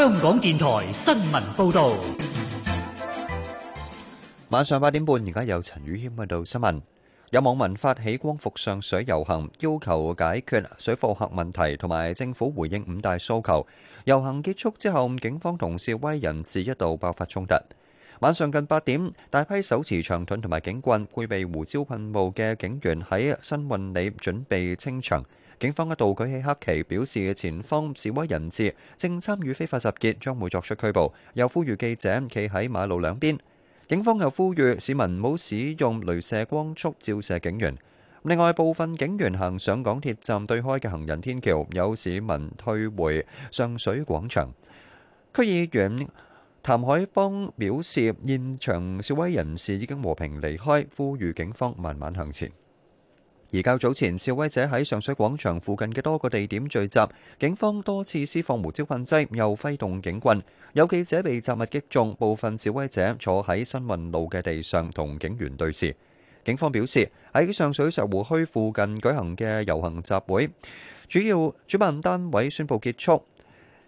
香港電台新聞報道，晚上八點半，而家有陳宇謙報道新聞。有網民發起光復上水遊行，要求解決水貨客問題，同埋政府回應五大訴求。遊行結束之後，警方同示威人士一度爆發衝突。晚上近八點，大批手持長盾同埋警棍、配備胡椒噴霧嘅警員喺新運里準備清場。警方一度舉起黑旗，表示前方示威人士正參與非法集結，將會作出拘捕。又呼籲記者企喺馬路兩邊。警方又呼籲市民唔好使用雷射光束照射警員。另外，部分警員行上港鐵站對開嘅行人天橋，有市民退回上水廣場。區議員譚海邦表示，現場示威人士已經和平離開，呼籲警方慢慢向前。而較早前，示威者喺上水廣場附近嘅多個地點聚集，警方多次施放胡椒噴劑，又揮動警棍，有記者被雜物擊中，部分示威者坐喺新運路嘅地上同警員對峙。警方表示，喺上水石湖墟附近舉行嘅遊行集會，主要主辦單位宣布結束。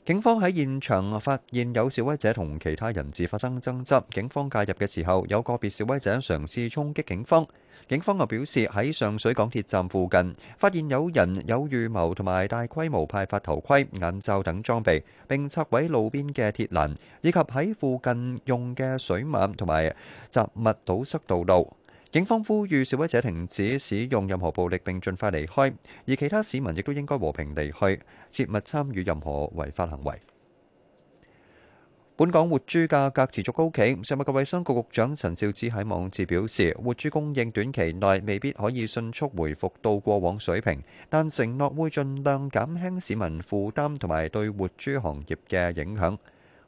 警方喺現場發現有示威者同其他人士發生爭執，警方介入嘅時候，有個別示威者嘗試衝擊警方。警方又表示喺上水港鐵站附近發現有人有預謀同埋大規模派發頭盔、眼罩等裝備，並拆毀路邊嘅鐵欄，以及喺附近用嘅水馬同埋雜物堵塞道路。警方呼籲示威者停止使用任何暴力並盡快離開，而其他市民亦都應該和平離去，切勿參與任何違法行為。本港活豬價格持續高企，食物及衞生局局長陳肇始喺網誌表示，活豬供應短期內未必可以迅速回復到過往水平，但承諾會盡量減輕市民負擔同埋對活豬行業嘅影響。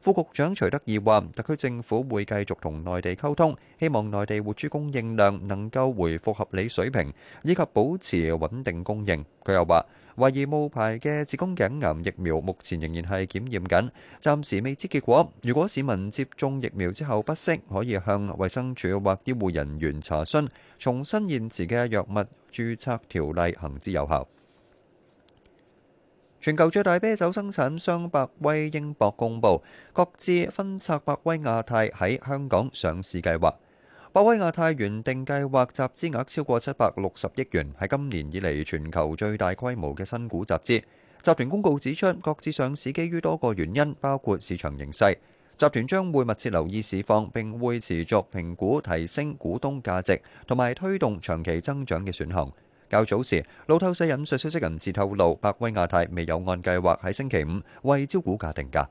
副局長徐德義話：特區政府會繼續同內地溝通，希望內地活豬供應量能夠回復合理水平，以及保持穩定供應。佢又話：懷疑冒牌嘅子宮頸癌疫苗，目前仍然係檢驗緊，暫時未知結果。如果市民接種疫苗之後不適，可以向衛生署或醫護人員查詢。重新現時嘅藥物註冊條例行之有效。全球最大啤酒生產商百威英博公布，擱置分拆百威亞太喺香港上市計劃。百威亞太原定計劃集資額超過七百六十億元，係今年以嚟全球最大規模嘅新股集資。集團公告指出，擱置上市基於多個原因，包括市場形勢。集團將會密切留意市況，並會持續評估提升股東價值同埋推動長期增長嘅選項。較早時，路透社引述消息人士透露，百威亞太未有按計劃喺星期五為招股價定價。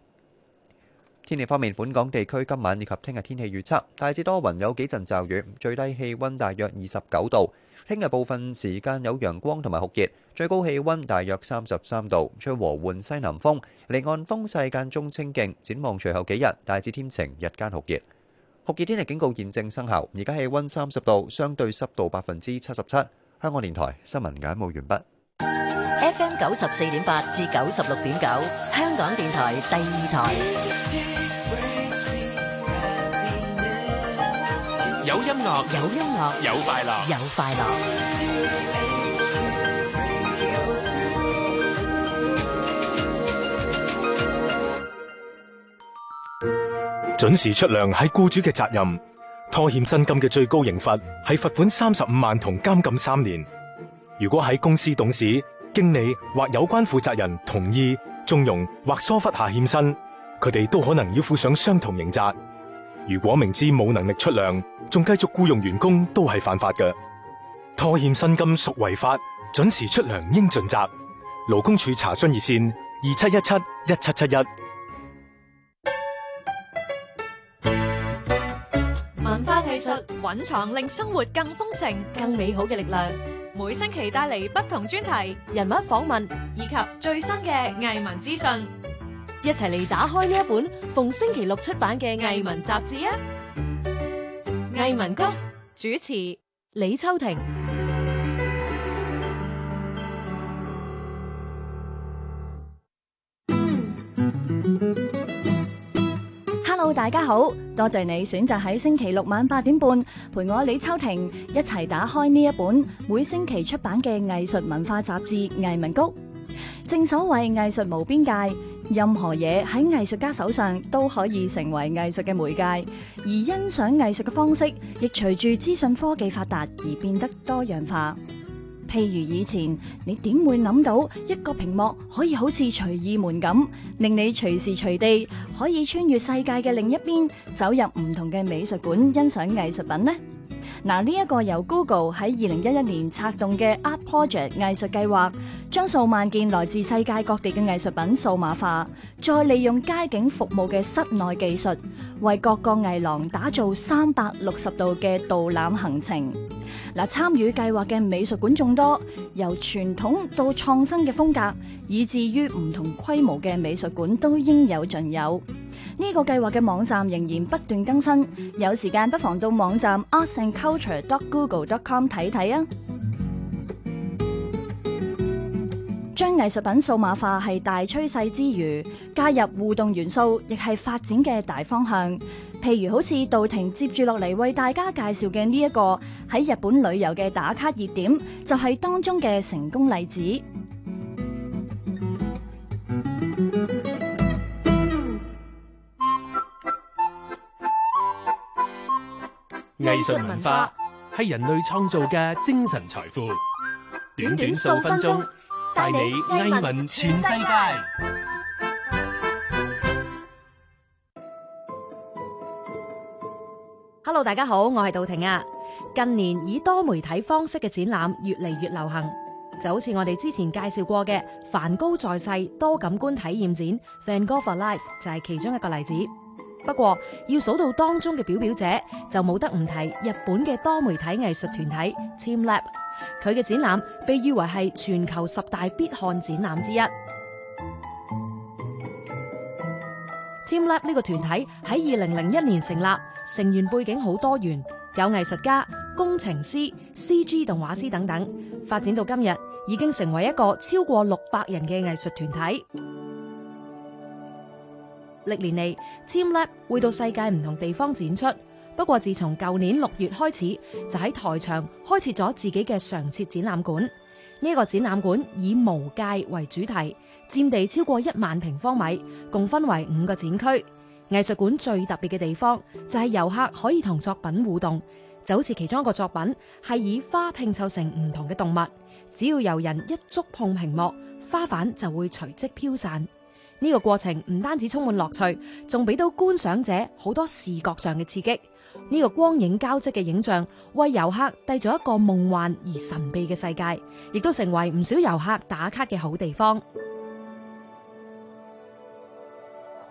天氣方面，本港地區今晚以及聽日天，天氣預測大致多雲，有幾陣驟雨，最低氣温大約二十九度。聽日部分時間有陽光同埋酷熱，最高氣温大約三十三度，吹和緩西南風。離岸風勢間中清勁。展望隨後幾日，大致天晴，日間酷熱。酷熱天氣警告現正生效，而家氣温三十度，相對濕度百分之七十七。香港電台新聞簡報完畢。FM 九十四點八至九十六點九，香港電台第二台。有音樂，有音樂，有快樂，有快樂。準時出糧係僱主嘅責任。拖欠薪金嘅最高刑罰係罰款三十五萬同監禁三年。如果喺公司董事、經理或有關負責人同意縱容或疏忽下欠薪，佢哋都可能要負上相同刑責。如果明知冇能力出糧，仲繼續僱傭員工都係犯法嘅。拖欠薪金屬違法，準時出糧應盡責。勞工處查詢熱線二七一七一七七一。藝術蘊藏令生活更豐盛、更美好嘅力量，每星期帶嚟不同專題、人物訪問以及最新嘅藝文資訊，一齊嚟打開呢一本逢星期六出版嘅藝文雜誌啊！藝文谷主持李秋婷。大家好，多謝你選擇喺星期六晚八點半陪我李秋婷一齊打開呢一本每星期出版嘅藝術文化雜誌《藝文谷》。正所謂藝術無邊界，任何嘢喺藝術家手上都可以成為藝術嘅媒介，而欣賞藝術嘅方式亦隨住資訊科技發達而變得多樣化。譬如以前，你點會諗到一個屏幕可以好似隨意門咁，令你隨時隨地可以穿越世界嘅另一邊，走入唔同嘅美術館欣賞藝術品呢？嗱，呢一個由 Google 喺二零一一年策動嘅 Art Project 藝術計劃，將數萬件來自世界各地嘅藝術品數碼化，再利用街景服務嘅室內技術，為各個藝廊打造三百六十度嘅導覽行程。嗱，參與計劃嘅美術館眾多，由傳統到創新嘅風格，以至於唔同規模嘅美術館都應有盡有。呢個計劃嘅網站仍然不斷更新，有時間不妨到網站 artsandculture.google.com 睇睇啊！將藝術品數碼化係大趨勢之餘，加入互動元素亦係發展嘅大方向。譬如好似道婷接住落嚟為大家介紹嘅呢一個喺日本旅遊嘅打卡熱點，就係、是、當中嘅成功例子。藝術文化係人類創造嘅精神財富。短短數分鐘，帶你藝文全世界。化 Hello，大家好，我係杜婷啊。近年以多媒體方式嘅展覽越嚟越流行，就好似我哋之前介紹過嘅梵高在世多感官體驗展《Van Gogh for Life》就係其中一個例子。不過要數到當中嘅表表者，就冇得唔提日本嘅多媒體藝術團體 Team Lab。佢嘅展覽被譽為係全球十大必看展覽之一。Team Lab 呢個團體喺二零零一年成立，成員背景好多元，有藝術家、工程師、CG 動畫師等等。發展到今日，已經成為一個超過六百人嘅藝術團體。歷年嚟，teamLab 會到世界唔同地方展出。不過自從舊年六月開始，就喺台場開設咗自己嘅常設展覽館。呢個展覽館以無界為主題，佔地超過一萬平方米，共分為五個展區。藝術館最特別嘅地方就係遊客可以同作品互動。就好似其中一個作品係以花拼湊成唔同嘅動物，只要遊人一觸碰屏幕，花瓣就會隨即飄散。呢個過程唔單止充滿樂趣，仲俾到觀賞者好多視覺上嘅刺激。呢、這個光影交織嘅影像，為遊客締造一個夢幻而神秘嘅世界，亦都成為唔少遊客打卡嘅好地方。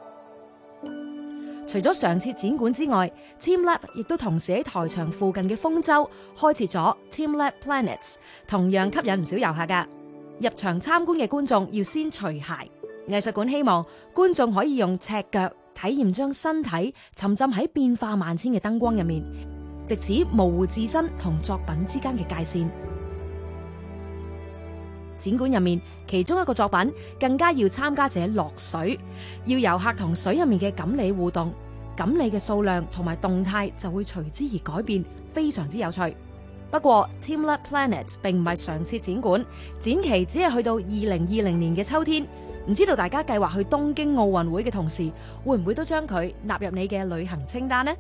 除咗常設展館之外 ，TeamLab 亦都同時喺台場附近嘅豐洲開設咗 TeamLab Planets，同樣吸引唔少遊客噶。入場參觀嘅觀眾要先除鞋。藝術館希望觀眾可以用赤腳體驗，將身體沉浸喺變化萬千嘅燈光入面，藉此模糊自身同作品之間嘅界線。展館入面其中一個作品更加要參加者落水，要遊客同水入面嘅錦鯉互動，錦鯉嘅數量同埋動態就會隨之而改變，非常之有趣。不過 teamLab Planets 並唔係常設展館，展期只係去到二零二零年嘅秋天。唔知道大家計劃去東京奧運會嘅同時，會唔會都將佢納入你嘅旅行清單呢？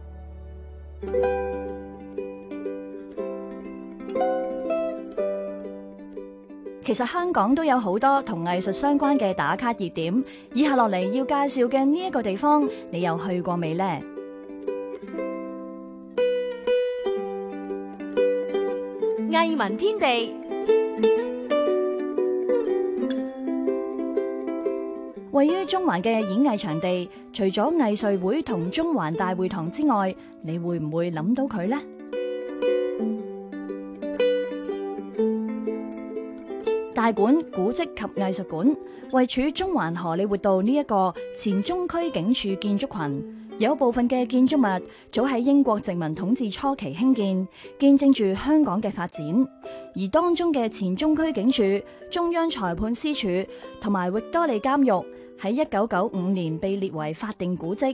其實香港都有好多同藝術相關嘅打卡熱點，以下落嚟要介紹嘅呢一個地方，你又去過未呢？藝文天地。對於中環嘅演藝場地，除咗藝穗會同中環大會堂之外，你會唔會諗到佢呢？大館古蹟及藝術館位處中環荷里活道呢一個前中區警署建築群，有部分嘅建築物早喺英國殖民統治初期興建，見證住香港嘅發展。而當中嘅前中區警署、中央裁判司署同埋域多利監獄。喺一九九五年被列為法定古蹟。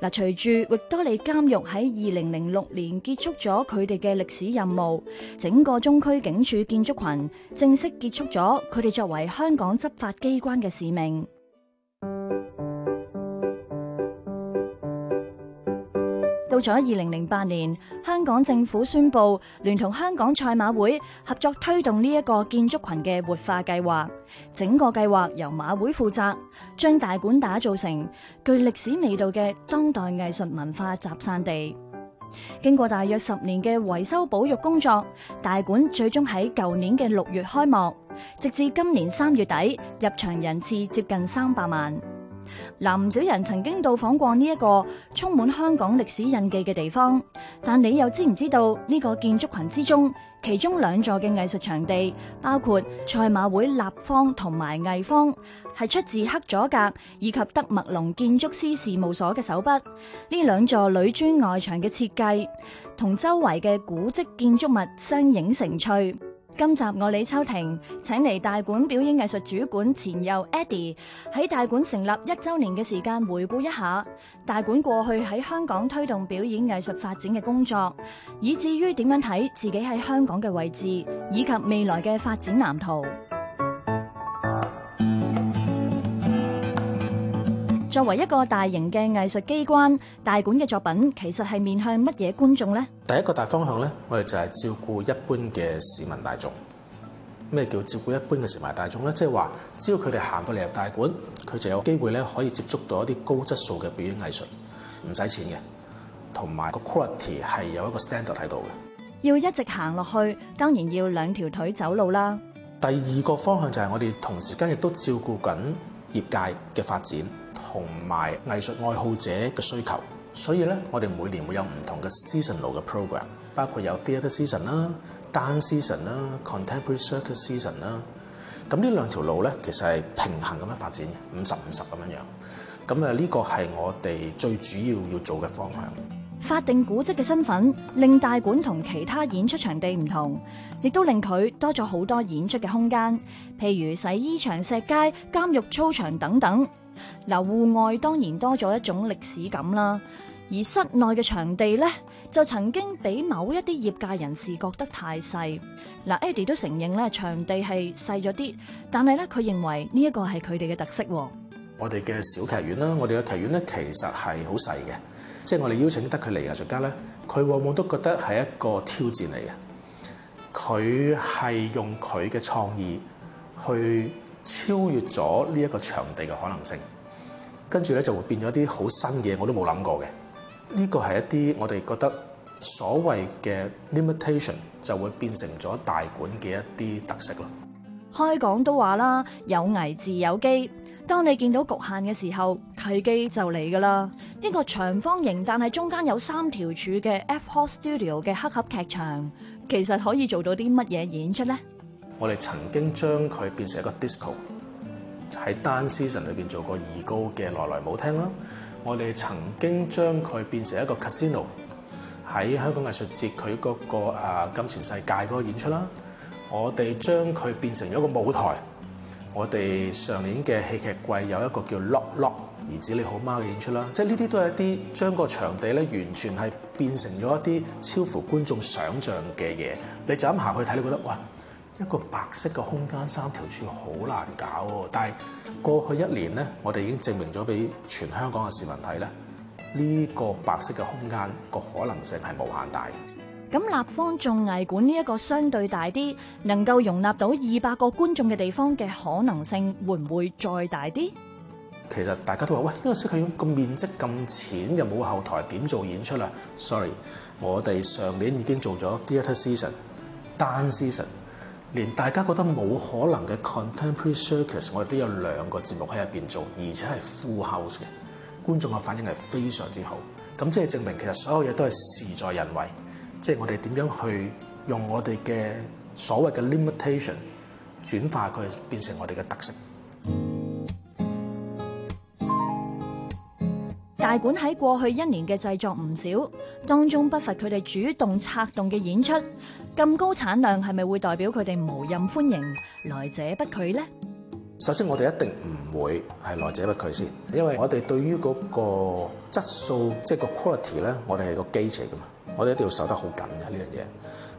嗱，隨住域多利監獄喺二零零六年結束咗佢哋嘅歷史任務，整個中區警署建築群正式結束咗佢哋作為香港執法機關嘅使命。到咗二零零八年，香港政府宣布聯同香港賽馬會合作推動呢一個建築群嘅活化計劃。整個計劃由馬會負責，將大館打造成具歷史味道嘅當代藝術文化集散地。經過大約十年嘅維修保育工作，大館最終喺舊年嘅六月開幕，直至今年三月底，入場人次接近三百萬。嗱，唔少人曾經到訪過呢一個充滿香港歷史印記嘅地方，但你又知唔知道呢個建築群之中，其中兩座嘅藝術場地，包括賽馬會立方同埋藝方，係出自黑佐格以及德麥隆建築師事務所嘅手筆。呢兩座鋁磚外牆嘅設計，同周圍嘅古蹟建築物相映成趣。今集我李秋婷請嚟大館表演藝術主管錢佑 Eddy 喺大館成立一周年嘅時間回顧一下大館過去喺香港推動表演藝術發展嘅工作，以至於點樣睇自己喺香港嘅位置以及未來嘅發展藍圖。作為一個大型嘅藝術機關，大館嘅作品，其實係面向乜嘢觀眾咧？第一個大方向咧，我哋就係照顧一般嘅市民大眾。咩叫照顧一般嘅市民大眾咧？即係話，只要佢哋行到嚟入大館，佢就有機會咧可以接觸到一啲高質素嘅表演藝術，唔使錢嘅，同埋個 quality 係有一個 standard 喺度嘅。要一直行落去，當然要兩條腿走路啦。第二個方向就係我哋同時間亦都照顧緊業界嘅發展。同埋藝術愛好者嘅需求，所以咧，我哋每年會有唔同嘅 seasonal 嘅 program，包括有 theatre season 啦、dance season 啦、contemporary circus season 啦。咁呢兩條路咧，其實係平衡咁樣發展，五十五十咁樣樣。咁啊，呢個係我哋最主要要做嘅方向。法定古蹟嘅身份令大館同其他演出場地唔同，亦都令佢多咗好多演出嘅空間，譬如洗衣場、石街、監獄操場等等。嗱，戶外當然多咗一種歷史感啦，而室內嘅場地咧就曾經俾某一啲業界人士覺得太細。嗱，Eddy 都承認咧場地係細咗啲，但係咧佢認為呢一個係佢哋嘅特色。我哋嘅小劇院啦，我哋嘅劇院咧其實係好細嘅，即係我哋邀請得佢嚟嘅藝術家咧，佢往往都覺得係一個挑戰嚟嘅。佢係用佢嘅創意去。超越咗呢一個場地嘅可能性，跟住咧就會變咗啲好新嘢，我都冇諗過嘅。呢個係一啲我哋覺得所謂嘅 limitation 就會變成咗大館嘅一啲特色咯。開講都話啦，有危自有機。當你見到局限嘅時候，契機就嚟㗎啦。呢個長方形但係中間有三條柱嘅 F Hall Studio 嘅黑盒劇場，其實可以做到啲乜嘢演出呢？我哋曾經將佢變成一個 disco，喺 dance season 裏邊做過二高嘅來來舞廳啦。我哋曾經將佢變成一個 casino，喺香港藝術節佢嗰個啊金錢世界嗰個演出啦。我哋將佢變成咗一個舞台。我哋上年嘅戲劇季有一個叫《lock lock 兒子你好貓》嘅演出啦，即係呢啲都係一啲將個場地咧完全係變成咗一啲超乎觀眾想象嘅嘢。你就咁行去睇，你覺得哇！一個白色嘅空間，三條柱好難搞喎。但係過去一年咧，我哋已經證明咗俾全香港嘅市民睇咧，呢個白色嘅空間個可能性係無限大。咁立方綜藝館呢一個相對大啲，能夠容納到二百個觀眾嘅地方嘅可能性會唔會再大啲？其實大家都話：喂，呢個室係咁面積咁淺，又冇後台，點做演出啊？Sorry，我哋上年已經做咗 theatre season、dance season。連大家覺得冇可能嘅 Contemporary Circus，我哋都有兩個節目喺入邊做，而且係 Full House 嘅，觀眾嘅反應係非常之好。咁即係證明其實所有嘢都係事在人為，即係我哋點樣去用我哋嘅所謂嘅 limitation 轉化佢變成我哋嘅特色。管喺過去一年嘅製作唔少，當中不乏佢哋主動策動嘅演出。咁高產量係咪會代表佢哋無任歡迎來者不拒呢？首先，我哋一定唔會係來者不拒先，因為我哋對於嗰個質素，即係個 quality 咧，我哋係個基情噶嘛，我哋一定要守得好緊嘅呢樣嘢。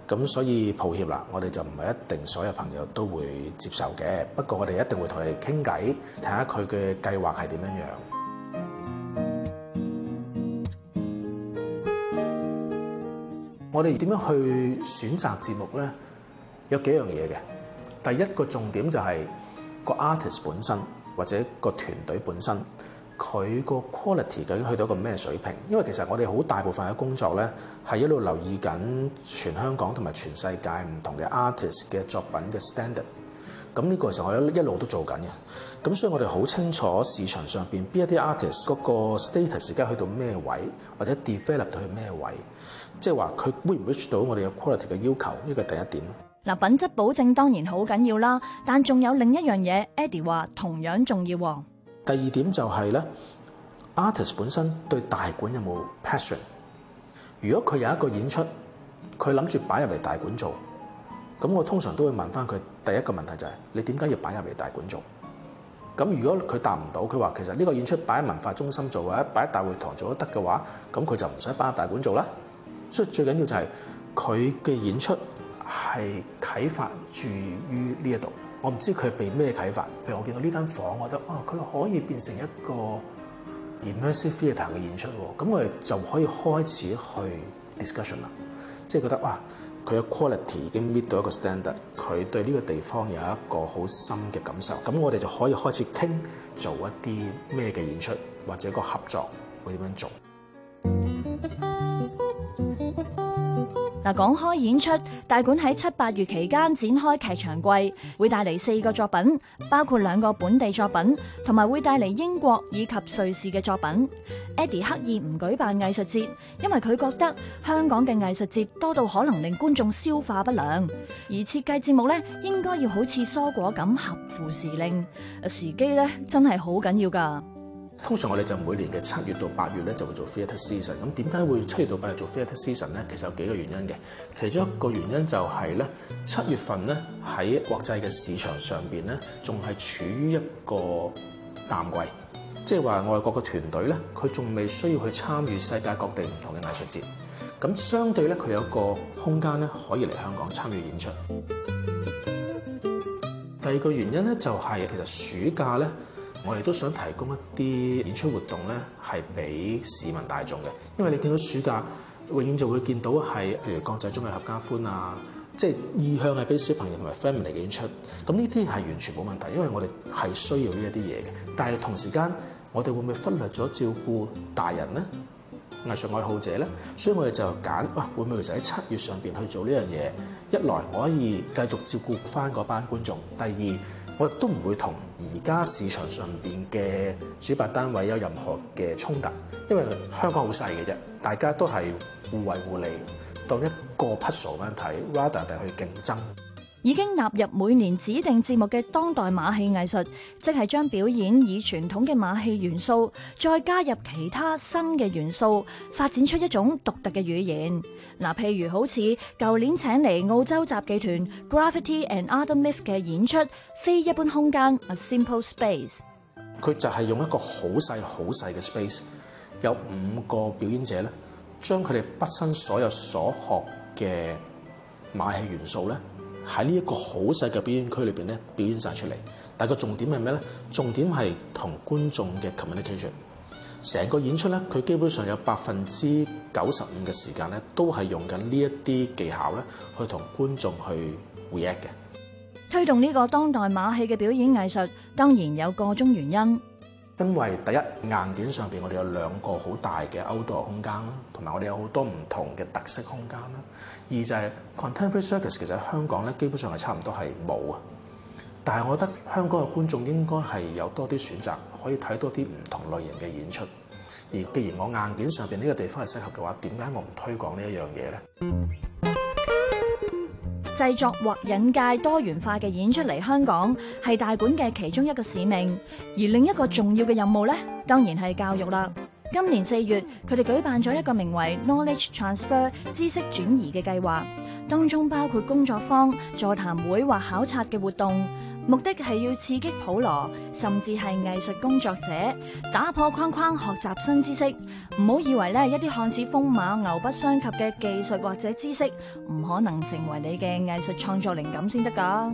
咁所以抱歉啦，我哋就唔係一定所有朋友都會接受嘅。不過我哋一定會同佢哋傾偈，睇下佢嘅計劃係點樣樣？我哋點樣去選擇節目咧？有幾樣嘢嘅。第一個重點就係個 artist 本身或者個團隊本身佢個 quality 究竟去到一個咩水平？因為其實我哋好大部分嘅工作咧，係一路留意緊全香港同埋全世界唔同嘅 artist 嘅作品嘅 standard。咁呢個時候我一一路都做緊嘅。咁所以我哋好清楚市場上邊邊一啲 artist 嗰個 status 而家去到咩位，或者 develop 到去咩位。即係話佢會唔會 reach 到我哋嘅 quality 嘅要求？呢個係第一點嗱，品質保證當然好緊要啦。但仲有另一樣嘢，Eddie 話同樣重要。第二點就係咧，artist 本身對大館有冇 passion？如果佢有一個演出，佢諗住擺入嚟大館做，咁我通常都會問翻佢第一個問題就係、是：你點解要擺入嚟大館做？咁如果佢答唔到，佢話其實呢個演出擺喺文化中心做或者擺喺大會堂做都得嘅話，咁佢就唔使擺喺大館做啦。所以最緊要就係佢嘅演出係啟發住於呢一度。我唔知佢係被咩啟發。譬如我見到呢間房，我覺得哦，佢可以變成一個 immersive theatre 嘅演出。咁我哋就可以開始去 discussion 啦。即係覺得哇，佢嘅 quality 已經 meet 到一個 standard。佢對呢個地方有一個好深嘅感受。咁我哋就可以開始傾做一啲咩嘅演出，或者個合作會點樣做。嗱，講開演出大館喺七八月期間展開劇場季，會帶嚟四個作品，包括兩個本地作品，同埋會帶嚟英國以及瑞士嘅作品。Eddy 刻意唔舉辦藝術節，因為佢覺得香港嘅藝術節多到可能令觀眾消化不良，而設計節目咧應該要好似蔬果咁合乎時令，時機咧真係好緊要噶。通常我哋就每年嘅七月到八月咧就會做 Theatre Season。咁點解會七月到八月做 Theatre Season 咧？其實有幾個原因嘅。其中一個原因就係、是、咧，七月份咧喺國際嘅市場上邊咧，仲係處於一個淡季，即係話外國嘅團隊咧，佢仲未需要去參與世界各地唔同嘅藝術節。咁相對咧，佢有一個空間咧可以嚟香港參與演出。第二個原因咧就係、是、其實暑假咧。我哋都想提供一啲演出活動咧，係俾市民大眾嘅，因為你見到暑假永遠就會見到係譬如國際綜藝嘅合家歡啊，即係意向係俾小朋友同埋 family 嘅演出，咁呢啲係完全冇問題，因為我哋係需要呢一啲嘢嘅。但係同時間，我哋會唔會忽略咗照顧大人咧、藝術愛好者咧？所以我哋就揀哇、啊，會唔會就喺七月上邊去做呢樣嘢？一來我可以繼續照顧翻嗰班觀眾，第二。我亦都唔會同而家市場上邊嘅主辦單位有任何嘅衝突，因為香港好細嘅啫，嗯、大家都係互惠互利，當一個 puzzle 咁樣睇，rather 定去競爭。已經納入每年指定節目嘅當代馬戲藝術，即係將表演以傳統嘅馬戲元素，再加入其他新嘅元素，發展出一種獨特嘅語言。嗱，譬如好似舊年請嚟澳洲雜技團 Gravity and Other Myths 嘅演出《非一般空間 A Simple Space》，佢就係用一個好細好細嘅 space，有五個表演者咧，將佢哋畢生所有所學嘅馬戲元素咧。喺呢一個好細嘅表演區裏邊咧，表演晒出嚟。但個重點係咩咧？重點係同觀眾嘅 communication。成個演出咧，佢基本上有百分之九十五嘅時間咧，都係用緊呢一啲技巧咧，去同觀眾去 react 嘅。推動呢個當代馬戲嘅表演藝術，當然有個中原因。因為第一，硬件上邊，我哋有兩個好大嘅 outdoor 空間啦，同埋我哋有好多唔同嘅特色空間啦。二，就係 contemporary circus，其實香港咧基本上係差唔多係冇啊。但係我覺得香港嘅觀眾應該係有多啲選擇，可以睇多啲唔同類型嘅演出。而既然我硬件上邊呢個地方係適合嘅話，點解我唔推廣呢一樣嘢咧？製作或引介多元化嘅演出嚟香港，係大館嘅其中一個使命。而另一個重要嘅任務咧，當然係教育啦。今年四月，佢哋舉辦咗一個名為 Knowledge Transfer 知識轉移嘅計劃，當中包括工作坊、座談會或考察嘅活動，目的係要刺激普羅甚至係藝術工作者打破框框，學習新知識。唔好以為咧一啲看似風馬牛不相及嘅技術或者知識唔可能成為你嘅藝術創作靈感先得㗎。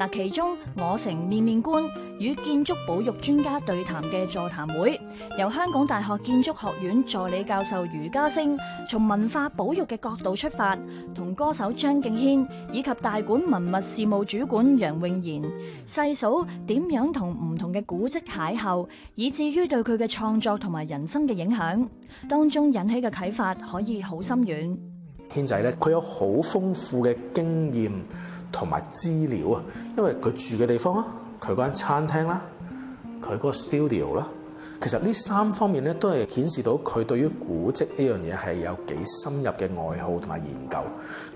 嗱，其中我城面面觀與建築保育專家對談嘅座談會，由香港大學建築學院助理教授余嘉升從文化保育嘅角度出發，同歌手張敬軒以及大館文物事務主管楊穎賢細數點樣和不同唔同嘅古跡邂逅，以至於對佢嘅創作同埋人生嘅影響，當中引起嘅啟發，可以好深遠。軒仔咧，佢有好豐富嘅經驗同埋資料啊。因為佢住嘅地方啊，佢嗰間餐廳啦，佢嗰個 studio 啦，其實呢三方面咧都係顯示到佢對於古蹟呢樣嘢係有幾深入嘅愛好同埋研究。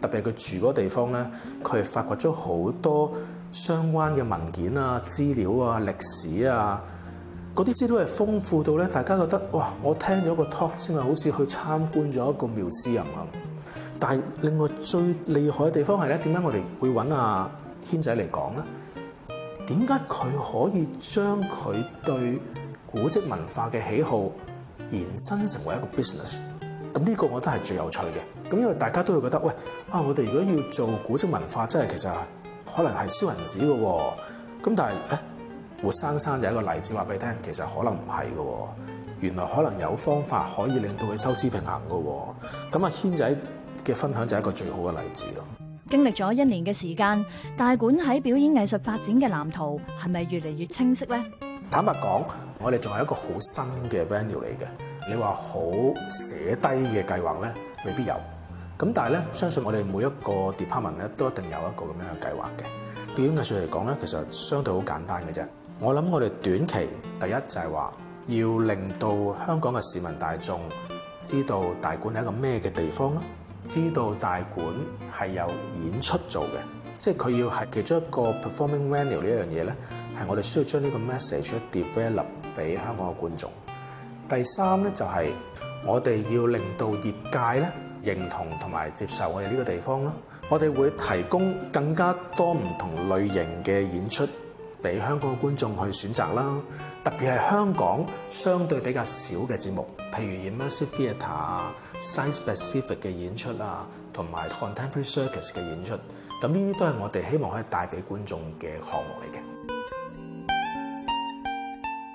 特別係佢住嗰地方咧，佢係發掘咗好多相關嘅文件啊、資料啊、歷史啊。嗰啲資料係豐富到咧，大家覺得哇！我聽咗個 talk 先咪好似去參觀咗一個 museum 咁。但係另外最厲害嘅地方係咧，點解我哋會揾阿、啊、軒仔嚟講咧？點解佢可以將佢對古蹟文化嘅喜好延伸成為一個 business？咁呢個我覺得係最有趣嘅。咁因為大家都會覺得，喂，啊我哋如果要做古蹟文化，真係其實可能係燒銀紙嘅喎。咁但係咧，活生生就係一個例子話俾你聽，其實可能唔係嘅喎。原來可能有方法可以令到佢收支平衡嘅喎、啊。咁啊軒仔嘅分享就係一個最好嘅例子咯。經歷咗一年嘅時間，大館喺表演藝術發展嘅藍圖係咪越嚟越清晰咧？坦白講，我哋仲係一個好新嘅 venue 嚟嘅。你話好寫低嘅計劃咧，未必有咁。但係咧，相信我哋每一個 department 咧都一定有一個咁樣嘅計劃，嘅表演藝術嚟講咧，其實相對好簡單嘅啫。我諗我哋短期第一就係話要令到香港嘅市民大眾知道大館係一個咩嘅地方咯。知道大館係有演出做嘅，即係佢要係其中一個 performing venue 呢一樣嘢咧，係我哋需要將呢個 message develop 俾香港嘅觀眾。第三咧就係、是、我哋要令到業界咧認同同埋接受我哋呢個地方啦，我哋會提供更加多唔同類型嘅演出。俾香港嘅觀眾去選擇啦，特別係香港相對比較少嘅節目，譬如 immersive theatre 啊、site specific 嘅演出啊，同埋 contemporary circus 嘅演出，咁呢啲都係我哋希望可以帶俾觀眾嘅項目嚟嘅。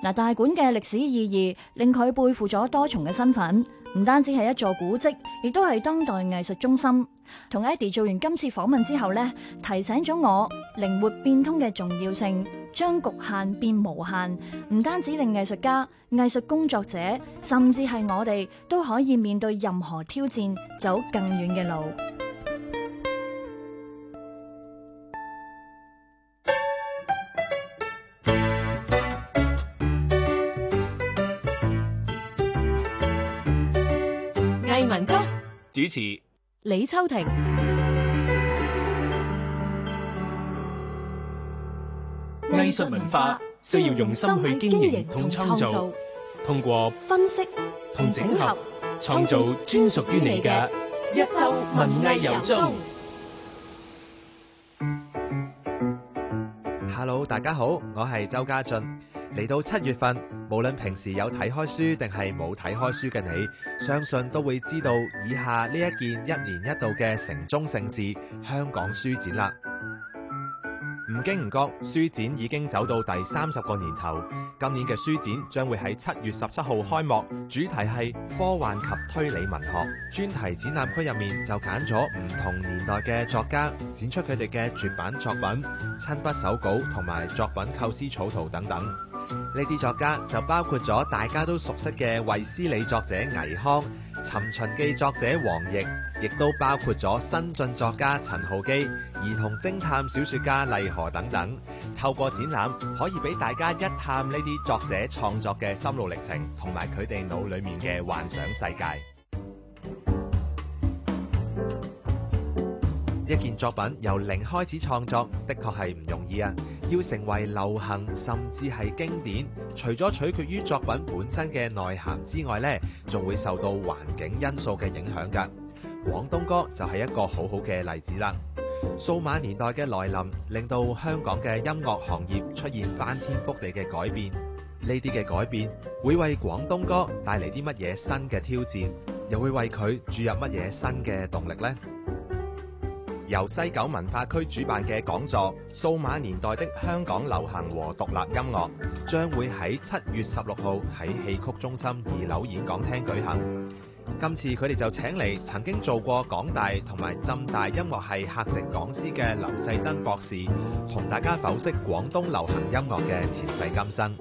嗱，大館嘅歷史意義令佢背負咗多重嘅身份，唔單止係一座古蹟，亦都係當代藝術中心。同 Eddie 做完今次訪問之後咧，提醒咗我靈活變通嘅重要性。將局限變無限，唔單止令藝術家、藝術工作者，甚至係我哋都可以面對任何挑戰，走更遠嘅路。藝文谷主持，李秋婷。藝術文化需要用心去經營同創造，通過分析同整合，創造專屬於你嘅一周文藝遊蹤。Hello，大家好，我係周家俊。嚟到七月份，無論平時有睇開書定係冇睇開書嘅你，相信都會知道以下呢一件一年一度嘅城中盛事——香港書展啦。唔經唔覺，書展已經走到第三十個年頭。今年嘅書展將會喺七月十七號開幕，主題係科幻及推理文學。專題展覽區入面就揀咗唔同年代嘅作家，展出佢哋嘅絕版作品、親筆手稿同埋作品構思草圖等等。呢啲作家就包括咗大家都熟悉嘅衛斯理作者倪匡。《尋秦記》作者黃易，亦都包括咗新晉作家陳浩基、兒童偵探小說家麗荷等等。透過展覽，可以俾大家一探呢啲作者創作嘅心路歷程，同埋佢哋腦裏面嘅幻想世界。一件作品由零開始創作的確係唔容易啊！要成為流行甚至係經典，除咗取決於作品本身嘅內涵之外咧，仲會受到環境因素嘅影響噶。廣東歌就係一個好好嘅例子啦。數碼年代嘅來臨，令到香港嘅音樂行業出現翻天覆地嘅改變。呢啲嘅改變會為廣東歌帶嚟啲乜嘢新嘅挑戰，又會為佢注入乜嘢新嘅動力咧？由西九文化區主辦嘅講座《數碼年代的香港流行和獨立音樂》將會喺七月十六號喺戲曲中心二樓演講廳舉行。今次佢哋就請嚟曾經做過港大同埋浸大音樂系客席講師嘅劉世珍博士，同大家剖析廣東流行音樂嘅前世今生。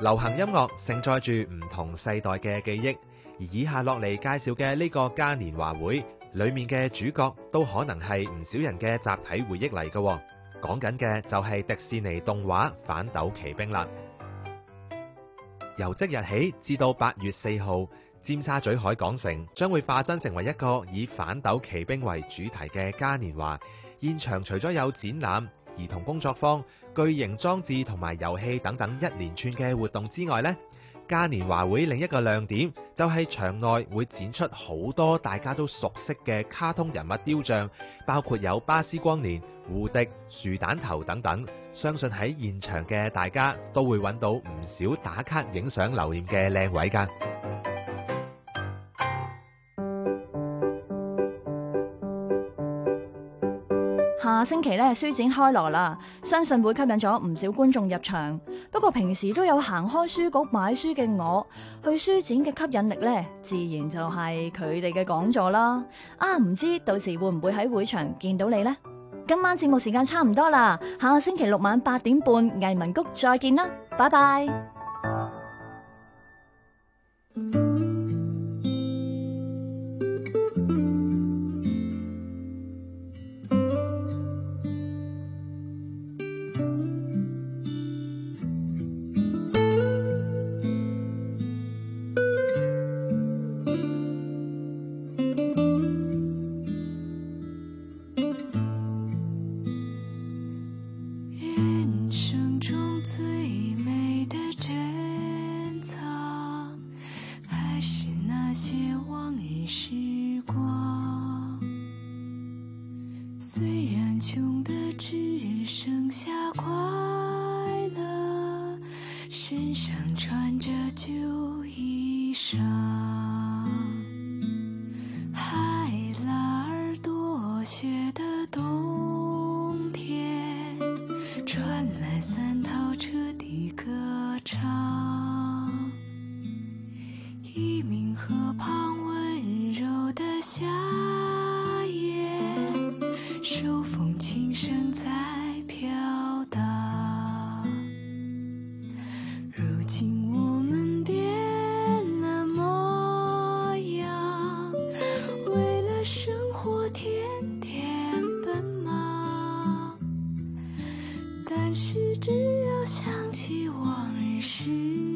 流行音樂承載住唔同世代嘅記憶。而以下落嚟介紹嘅呢個嘉年華會，裏面嘅主角都可能係唔少人嘅集體回憶嚟嘅，講緊嘅就係迪士尼動畫《反斗奇兵》啦。由即日起至到八月四號，尖沙咀海港城將會化身成為一個以《反斗奇兵》為主題嘅嘉年華。現場除咗有展覽、兒童工作坊、巨型裝置同埋遊戲等等一連串嘅活動之外呢。.嘉年華會另一個亮點就係、是、場內會展出好多大家都熟悉嘅卡通人物雕像，包括有巴斯光年、胡迪、樹蛋頭等等，相信喺現場嘅大家都會揾到唔少打卡、影相、留念嘅靚位噶。下星期呢，書展開鑼啦，相信會吸引咗唔少觀眾入場。不過平時都有行開書局買書嘅我，去書展嘅吸引力呢，自然就係佢哋嘅講座啦。啊，唔知到時會唔會喺會場見到你呢？今晚節目時間差唔多啦，下星期六晚八點半藝文谷再見啦，拜拜。嗯身上穿。但是，只要想起往事。